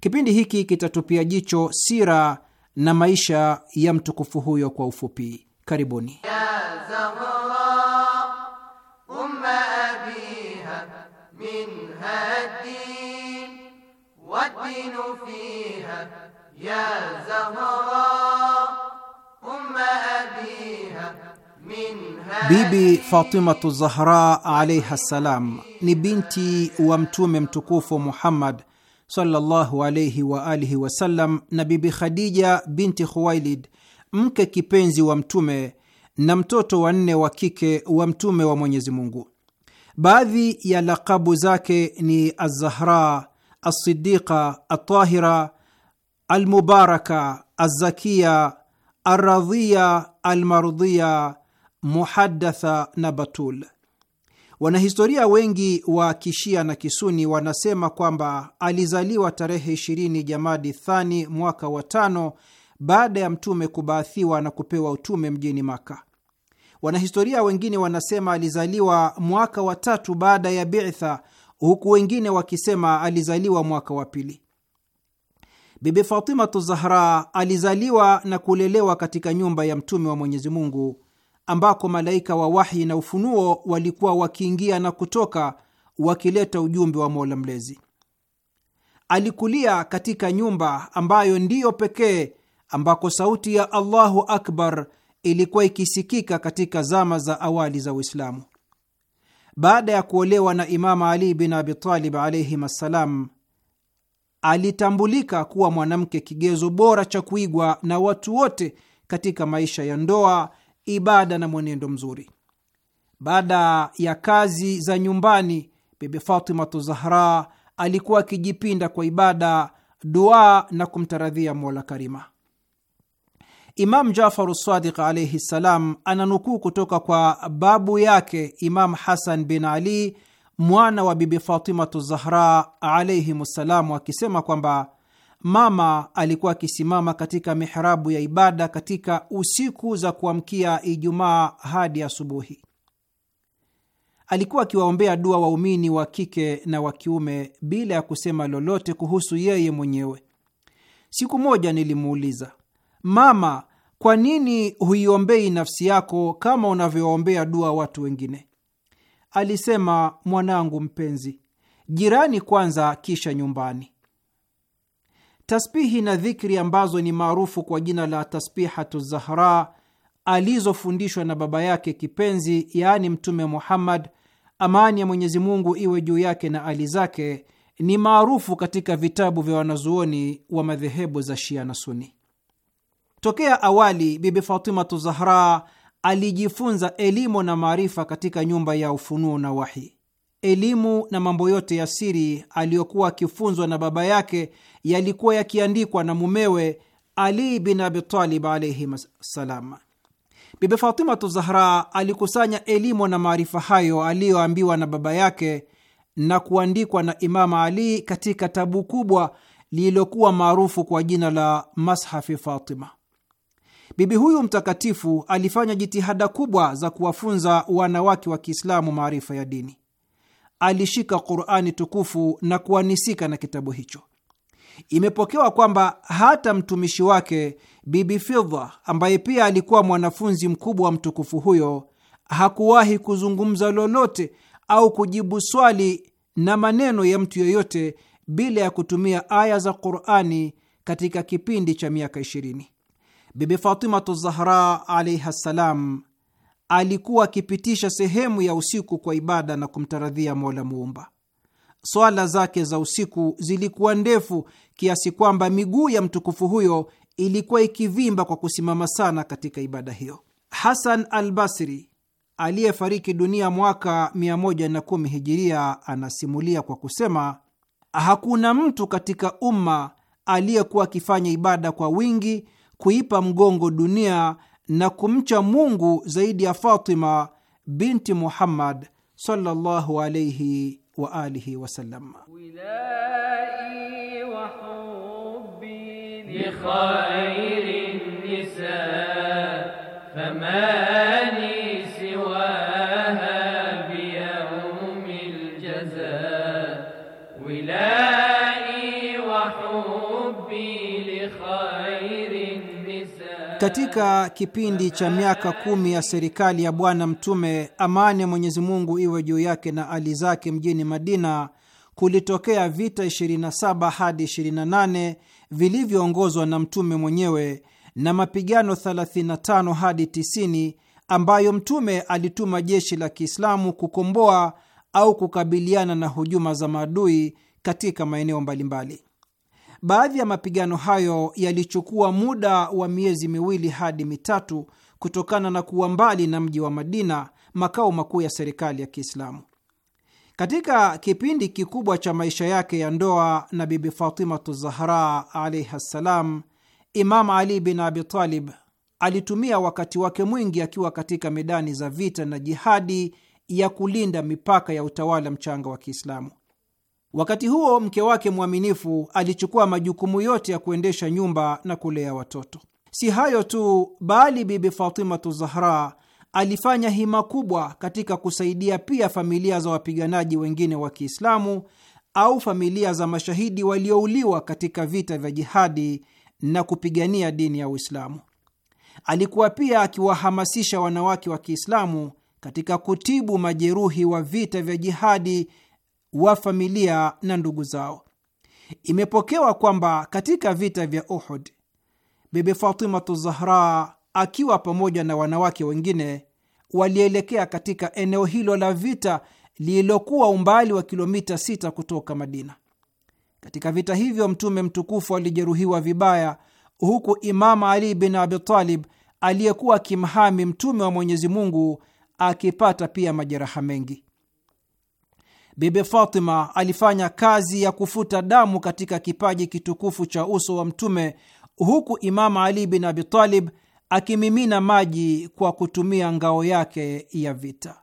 Kipindi hiki kitatupia jicho sira na maisha ya mtukufu huyo kwa ufupi. Karibuni. Bibi Fatimatu Zahra alaiha ssalam ni binti wa Mtume mtukufu Muhammad sallallahu alayhi wa alihi wasallam na Bibi Khadija binti Khuwailid, mke kipenzi wa Mtume na mtoto wanne wa kike wa Mtume wa Mwenyezi Mungu. Baadhi ya lakabu zake ni Azahra, Alsidiqa, Altahira, Almubaraka, Alzakiya, Alradhiya, Almardhiya, Muhadatha na Batul. Wanahistoria wengi wa kishia na kisuni wanasema kwamba alizaliwa tarehe 20 Jamadi Thani mwaka wa tano baada ya mtume kubaathiwa na kupewa utume mjini Maka. Wanahistoria wengine wanasema alizaliwa mwaka wa tatu baada ya bitha, huku wengine wakisema alizaliwa mwaka wa pili. Bibi Fatimatu Zahra alizaliwa na kulelewa katika nyumba ya mtume wa Mwenyezi Mungu ambako malaika wa wahi na ufunuo walikuwa wakiingia na kutoka wakileta ujumbe wa Mola Mlezi. Alikulia katika nyumba ambayo ndiyo pekee ambako sauti ya Allahu akbar ilikuwa ikisikika katika zama za awali za Uislamu. Baada ya kuolewa na imamu Ali bin Abitalib alaihim assalam, alitambulika kuwa mwanamke kigezo bora cha kuigwa na watu wote katika maisha ya ndoa ibada na mwenendo mzuri. Baada ya kazi za nyumbani, Bibi Fatimatu Zahra alikuwa akijipinda kwa ibada, dua na kumtaradhia Mola Karima. Imam Jafaru Sadiq alaihi ssalam ananukuu kutoka kwa babu yake Imam Hasan bin Ali mwana wa Bibi Fatimatu Zahra alaihim ssalamu akisema kwamba mama alikuwa akisimama katika mihrabu ya ibada katika usiku za kuamkia Ijumaa hadi asubuhi. Alikuwa akiwaombea dua waumini wa kike na wa kiume bila ya kusema lolote kuhusu yeye mwenyewe. Siku moja nilimuuliza, mama, kwa nini huiombei nafsi yako kama unavyowaombea dua watu wengine? Alisema, mwanangu mpenzi, jirani kwanza, kisha nyumbani tasbihi na dhikri ambazo ni maarufu kwa jina la tasbihatu Zahra alizofundishwa na baba yake kipenzi, yaani Mtume Muhammad, amani ya Mwenyezi Mungu iwe juu yake na ali zake, ni maarufu katika vitabu vya wanazuoni wa madhehebu za Shia na Suni. Tokea awali, Bibi Fatimatu Zahra alijifunza elimu na maarifa katika nyumba ya ufunuo na wahi elimu na mambo yote ya siri aliyokuwa akifunzwa na baba yake yalikuwa yakiandikwa na mumewe Ali bin Abi Talib salam. Bibi Fatimatu Zahra alikusanya elimu na maarifa hayo aliyoambiwa na baba yake na kuandikwa na imamu Ali katika tabu kubwa lililokuwa maarufu kwa jina la Mashafi Fatima. Bibi huyu mtakatifu alifanya jitihada kubwa za kuwafunza wanawake wa Kiislamu maarifa ya dini alishika Qurani tukufu na kuanisika na kitabu hicho. Imepokewa kwamba hata mtumishi wake Bibi Fidha, ambaye pia alikuwa mwanafunzi mkubwa wa mtukufu huyo, hakuwahi kuzungumza lolote au kujibu swali na maneno ya mtu yeyote bila ya kutumia aya za Qurani katika kipindi cha miaka 20. Bibi Fatimatu Zahra alaihi ssalam alikuwa akipitisha sehemu ya usiku kwa ibada na kumtaradhia Mola Muumba. Swala zake za usiku zilikuwa ndefu kiasi kwamba miguu ya mtukufu huyo ilikuwa ikivimba kwa kusimama sana katika ibada hiyo. Hasan al Basri aliyefariki dunia mwaka 110 Hijiria anasimulia kwa kusema, hakuna mtu katika umma aliyekuwa akifanya ibada kwa wingi, kuipa mgongo dunia na kumcha Mungu zaidi ya Fatima binti Muhammad sallallahu alayhi wa alihi wasallam. لخير النساء فمن katika kipindi cha miaka kumi ya serikali ya Bwana Mtume, amani ya Mwenyezi Mungu iwe juu yake na ali zake, mjini Madina kulitokea vita 27 hadi 28 vilivyoongozwa na Mtume mwenyewe na mapigano 35 hadi 90 ambayo Mtume alituma jeshi la Kiislamu kukomboa au kukabiliana na hujuma za maadui katika maeneo mbalimbali. Baadhi ya mapigano hayo yalichukua muda wa miezi miwili hadi mitatu kutokana na kuwa mbali na mji wa Madina, makao makuu ya serikali ya Kiislamu. Katika kipindi kikubwa cha maisha yake ya ndoa na Bibi Fatimatu Zahra alaihi ssalam, Imam Ali bin Abitalib alitumia wakati wake mwingi akiwa katika medani za vita na jihadi ya kulinda mipaka ya utawala mchanga wa Kiislamu. Wakati huo mke wake mwaminifu alichukua majukumu yote ya kuendesha nyumba na kulea watoto. Si hayo tu, bali Bibi Fatimatu Zahra alifanya hima kubwa katika kusaidia pia familia za wapiganaji wengine wa Kiislamu au familia za mashahidi waliouliwa katika vita vya jihadi na kupigania dini ya Uislamu. Alikuwa pia akiwahamasisha wanawake wa Kiislamu katika kutibu majeruhi wa vita vya jihadi wa familia na ndugu zao. Imepokewa kwamba katika vita vya Uhud, Bibi Fatimatu Zahra akiwa pamoja na wanawake wengine walielekea katika eneo hilo la vita lililokuwa umbali wa kilomita sita kutoka Madina. Katika vita hivyo Mtume mtukufu alijeruhiwa vibaya, huku Imamu Ali bin Abitalib aliyekuwa akimhami Mtume wa Mwenyezi Mungu akipata pia majeraha mengi. Bibi Fatima alifanya kazi ya kufuta damu katika kipaji kitukufu cha uso wa Mtume, huku Imamu Ali bin Abitalib akimimina maji kwa kutumia ngao yake ya vita.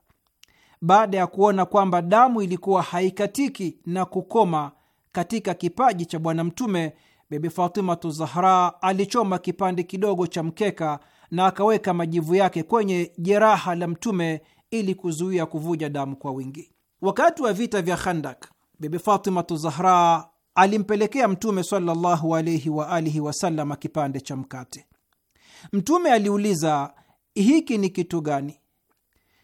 Baada ya kuona kwamba damu ilikuwa haikatiki na kukoma katika kipaji cha Bwana Mtume, Bibi Fatimatu Zahra alichoma kipande kidogo cha mkeka na akaweka majivu yake kwenye jeraha la Mtume ili kuzuia kuvuja damu kwa wingi. Wakati wa vita vya Khandak, Bibi Fatimatu Zahra alimpelekea Mtume sallallahu alaihi wa alihi wasallam kipande cha mkate. Mtume aliuliza, hiki ni kitu gani?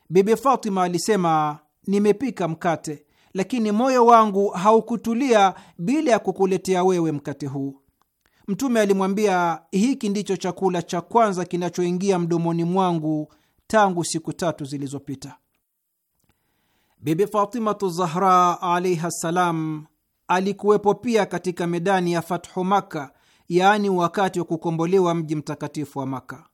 Bibi Fatima alisema, nimepika mkate, lakini moyo wangu haukutulia bila ya kukuletea wewe mkate huu. Mtume alimwambia, hiki ndicho chakula cha kwanza kinachoingia mdomoni mwangu tangu siku tatu zilizopita. Bibi Fatimatu Zahra alaiha ssalam alikuwepo pia katika medani ya Fathu Makka, yaani wakati wa kukombolewa mji mtakatifu wa Makka.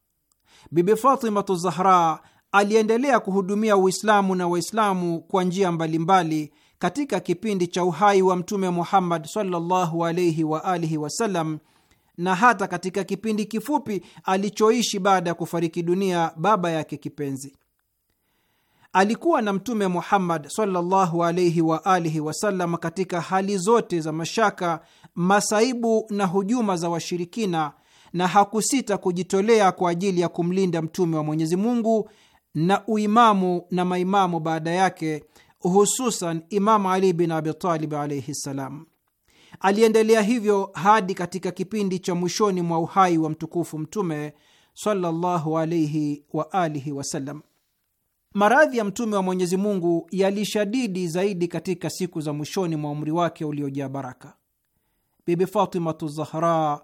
Bibi Fatimatu Zahra aliendelea kuhudumia Uislamu na Waislamu kwa njia mbalimbali katika kipindi cha uhai wa Mtume Muhammad sallallahu alaihi wasallam na hata katika kipindi kifupi alichoishi baada ya kufariki dunia baba yake kipenzi alikuwa na Mtume Muhammad sallallahu alaihi wa alihi wasallam katika hali zote za mashaka, masaibu na hujuma za washirikina, na hakusita kujitolea kwa ajili ya kumlinda mtume wa Mwenyezi Mungu na uimamu na maimamu baada yake, hususan Imamu Ali bin Abitalib alaihi ssalam. Aliendelea hivyo hadi katika kipindi cha mwishoni mwa uhai wa mtukufu Mtume sallallahu alaihi wa alihi wasallam. Maradhi ya Mtume wa Mwenyezi Mungu yalishadidi zaidi katika siku za mwishoni mwa umri wake uliojaa baraka. Bibi Fatimatu Zahra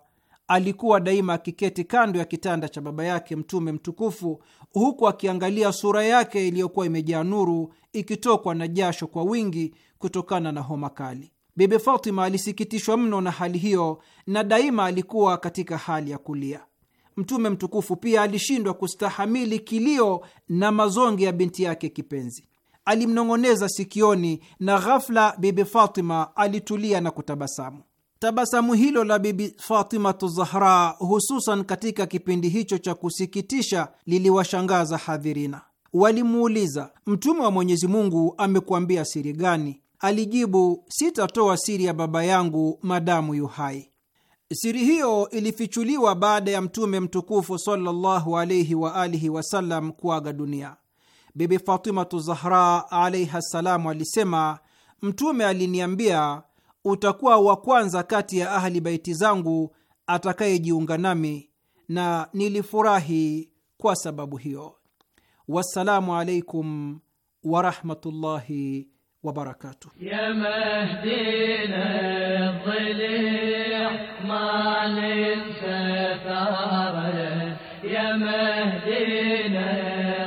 alikuwa daima akiketi kando ya kitanda cha baba yake Mtume mtukufu, huku akiangalia sura yake iliyokuwa imejaa nuru ikitokwa na jasho kwa wingi kutokana na homa kali. Bibi Fatima alisikitishwa mno na hali hiyo, na daima alikuwa katika hali ya kulia. Mtume mtukufu pia alishindwa kustahamili kilio na mazonge ya binti yake kipenzi, alimnong'oneza sikioni, na ghafla Bibi Fatima alitulia na kutabasamu. Tabasamu hilo la Bibi Fatimatu Zahra, hususan katika kipindi hicho cha kusikitisha, liliwashangaza hadhirina. Walimuuliza, Mtume wa Mwenyezi Mungu amekuambia siri gani? Alijibu, sitatoa siri ya baba yangu madamu yu hai. Siri hiyo ilifichuliwa baada ya Mtume mtukufu sallallahu alaihi wa alihi wasallam kuaga dunia. Bibi Fatimatu Zahra alaihi ssalamu alisema, Mtume aliniambia, utakuwa wa kwanza kati ya ahli baiti zangu atakayejiunga nami, na nilifurahi kwa sababu hiyo. Wassalamu alaikum warahmatullahi وبركاته يا مهدينا الضليع ما ننسى ثاره يا مهدينا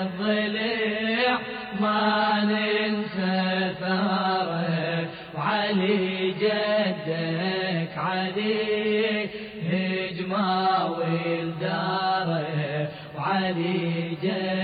الضليع ما ننسى ثاره وعلي جدك علي هجمه ولداره وعلي جدك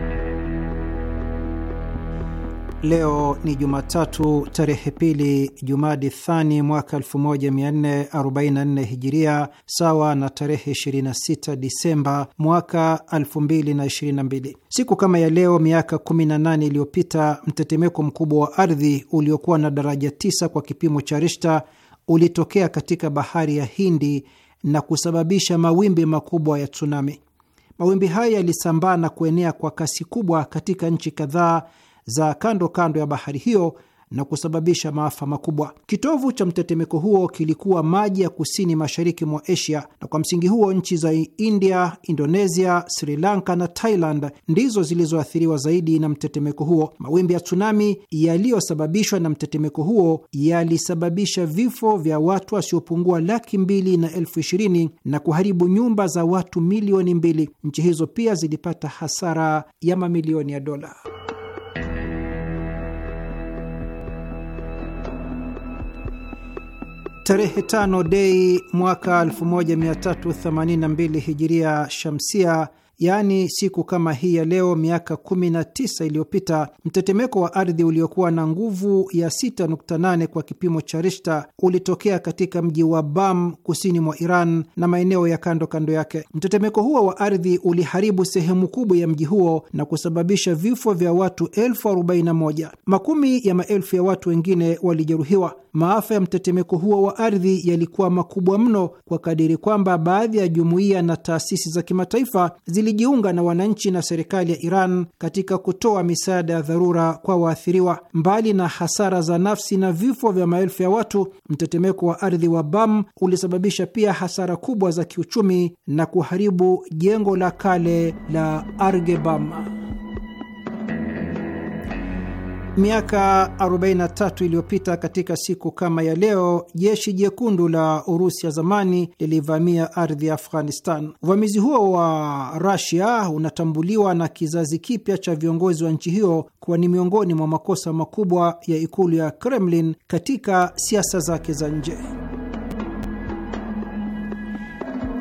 Leo ni Jumatatu, tarehe pili Jumadi Thani mwaka 1444 Hijiria, sawa na tarehe 26 Disemba mwaka 2022. Siku kama ya leo miaka 18 iliyopita, mtetemeko mkubwa wa ardhi uliokuwa na daraja 9 kwa kipimo cha Rishta ulitokea katika bahari ya Hindi na kusababisha mawimbi makubwa ya tsunami. Mawimbi haya yalisambaa na kuenea kwa kasi kubwa katika nchi kadhaa za kando kando ya bahari hiyo na kusababisha maafa makubwa. Kitovu cha mtetemeko huo kilikuwa maji ya kusini mashariki mwa Asia, na kwa msingi huo nchi za India, Indonesia, Sri Lanka na Thailand ndizo zilizoathiriwa zaidi na mtetemeko huo. Mawimbi ya tsunami yaliyosababishwa na mtetemeko huo yalisababisha vifo vya watu wasiopungua laki mbili na elfu ishirini na kuharibu nyumba za watu milioni mbili. Nchi hizo pia zilipata hasara ya mamilioni ya dola. Tarehe tano Dei mwaka 1382 hijiria shamsia yaani siku kama hii ya leo miaka 19 iliyopita, mtetemeko wa ardhi uliokuwa na nguvu ya 6.8 kwa kipimo cha Rishta ulitokea katika mji wa Bam kusini mwa Iran na maeneo ya kando kando yake. Mtetemeko huo wa ardhi uliharibu sehemu kubwa ya mji huo na kusababisha vifo vya watu elfu arobaini na moja. Makumi ya maelfu ya watu wengine walijeruhiwa. Maafa ya mtetemeko huo wa ardhi yalikuwa makubwa mno kwa kadiri kwamba baadhi ya jumuiya na taasisi za kimataifa zili ilijiunga na wananchi na serikali ya Iran katika kutoa misaada ya dharura kwa waathiriwa. Mbali na hasara za nafsi na vifo vya maelfu ya watu, mtetemeko wa ardhi wa Bam ulisababisha pia hasara kubwa za kiuchumi na kuharibu jengo la kale la Argebam. Miaka 43 iliyopita katika siku kama ya leo, jeshi jekundu la Urusi ya zamani lilivamia ardhi ya Afghanistan. Uvamizi huo wa Rasia unatambuliwa na kizazi kipya cha viongozi wa nchi hiyo kuwa ni miongoni mwa makosa makubwa ya ikulu ya Kremlin katika siasa zake za nje.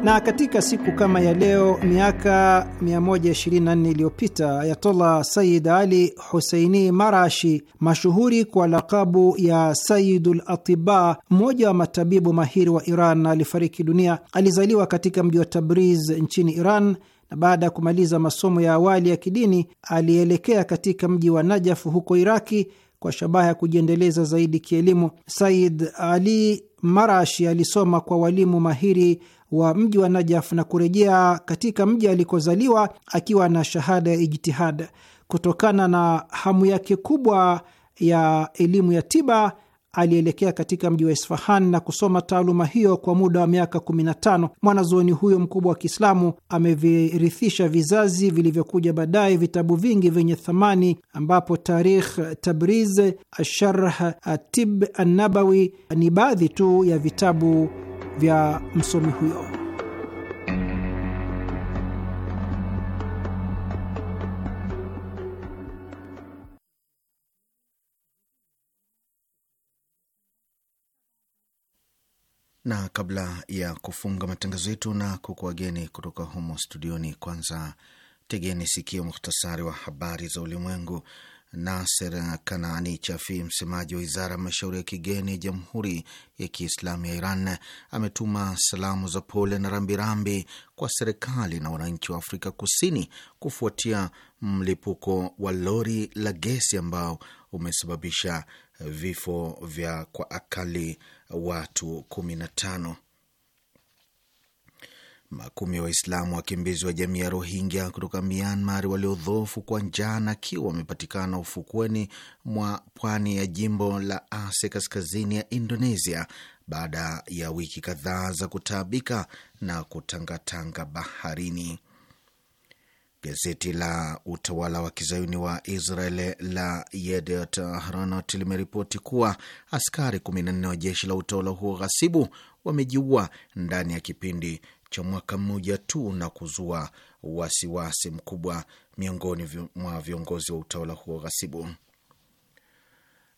Na katika siku kama ya leo miaka 124 iliyopita Ayatollah Sayid Ali Huseini Marashi, mashuhuri kwa lakabu ya Sayidul Atiba, mmoja wa matabibu mahiri wa Iran, alifariki dunia. Alizaliwa katika mji wa Tabriz nchini Iran, na baada ya kumaliza masomo ya awali ya kidini alielekea katika mji wa Najafu huko Iraki kwa shabaha ya kujiendeleza zaidi kielimu. Said Ali Marashi alisoma kwa walimu mahiri wa mji wa Najaf na kurejea katika mji alikozaliwa akiwa na shahada ya ijtihad. Kutokana na hamu yake kubwa ya elimu ya tiba alielekea katika mji wa Isfahan na kusoma taaluma hiyo kwa muda wa miaka 15. Mwanazuoni huyo mkubwa wa Kiislamu amevirithisha vizazi vilivyokuja baadaye vitabu vingi vyenye thamani, ambapo Tarikh Tabriz, Asharh Atib Annabawi ni baadhi tu ya vitabu vya msomi huyo. Na kabla ya kufunga matangazo yetu na kukuwageni kutoka humo studioni, kwanza tegeni sikio muhtasari wa habari za ulimwengu. Naser kanani Chafi, msemaji wa wizara ya mashauri ya kigeni ya Jamhuri ya Kiislamu ya Iran, ametuma salamu za pole na rambirambi kwa serikali na wananchi wa Afrika Kusini kufuatia mlipuko wa lori la gesi ambao umesababisha vifo vya kwa akali watu kumi na tano. Makumi ya Waislamu wakimbizi wa jamii ya Rohingya kutoka Myanmar waliodhoofu kwa njaa na kiu wamepatikana ufukweni mwa pwani ya jimbo la Aceh kaskazini ya Indonesia baada ya wiki kadhaa za kutaabika na kutangatanga baharini. Gazeti la utawala wa kizayuni wa Israel la Yediot Ahronot limeripoti kuwa askari 14 wa jeshi la utawala huo ghasibu wamejiua ndani ya kipindi cha mwaka mmoja tu na kuzua wasiwasi wasi mkubwa miongoni mwa viongozi wa utawala huo ghasibu.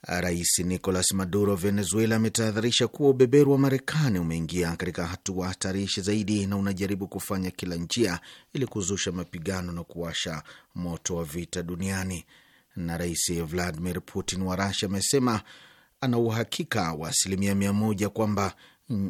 Rais Nicolas Maduro Venezuela ametahadharisha kuwa ubeberu wa Marekani umeingia katika hatua hatarishi zaidi na unajaribu kufanya kila njia ili kuzusha mapigano na kuwasha moto wa vita duniani. Na Rais Vladimir Putin wa Rasia amesema ana uhakika wa asilimia mia moja kwamba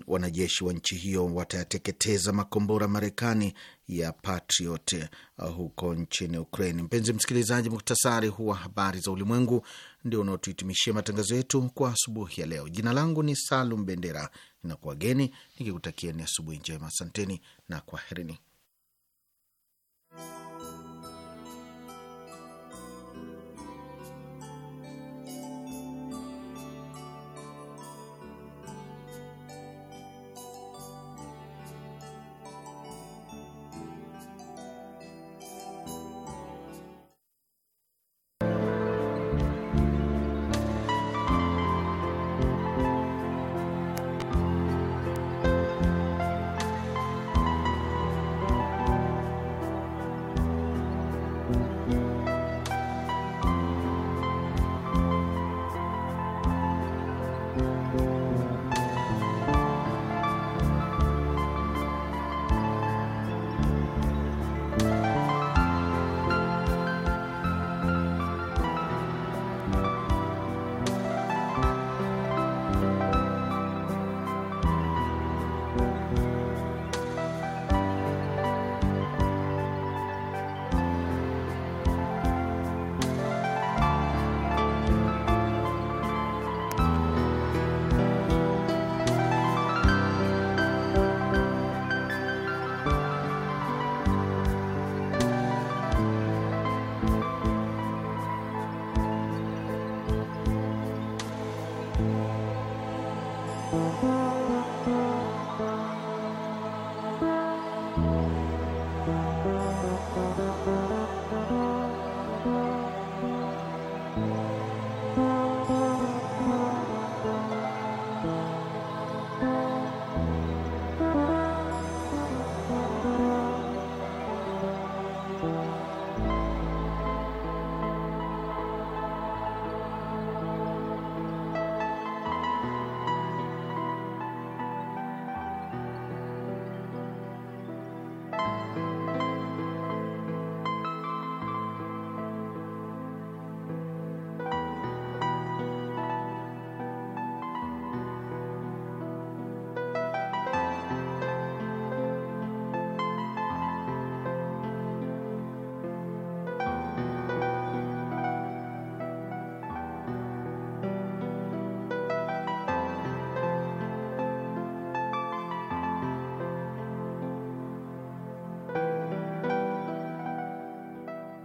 wanajeshi wa nchi hiyo watayateketeza makombora Marekani ya Patriot uh, huko nchini Ukraine. Mpenzi msikilizaji, muktasari huu wa habari za ulimwengu ndio unaotuhitimishia matangazo yetu kwa asubuhi ya leo. Jina langu ni Salum Bendera, nikikutakia nikikutakieni asubuhi njema. Asanteni na kwaherini.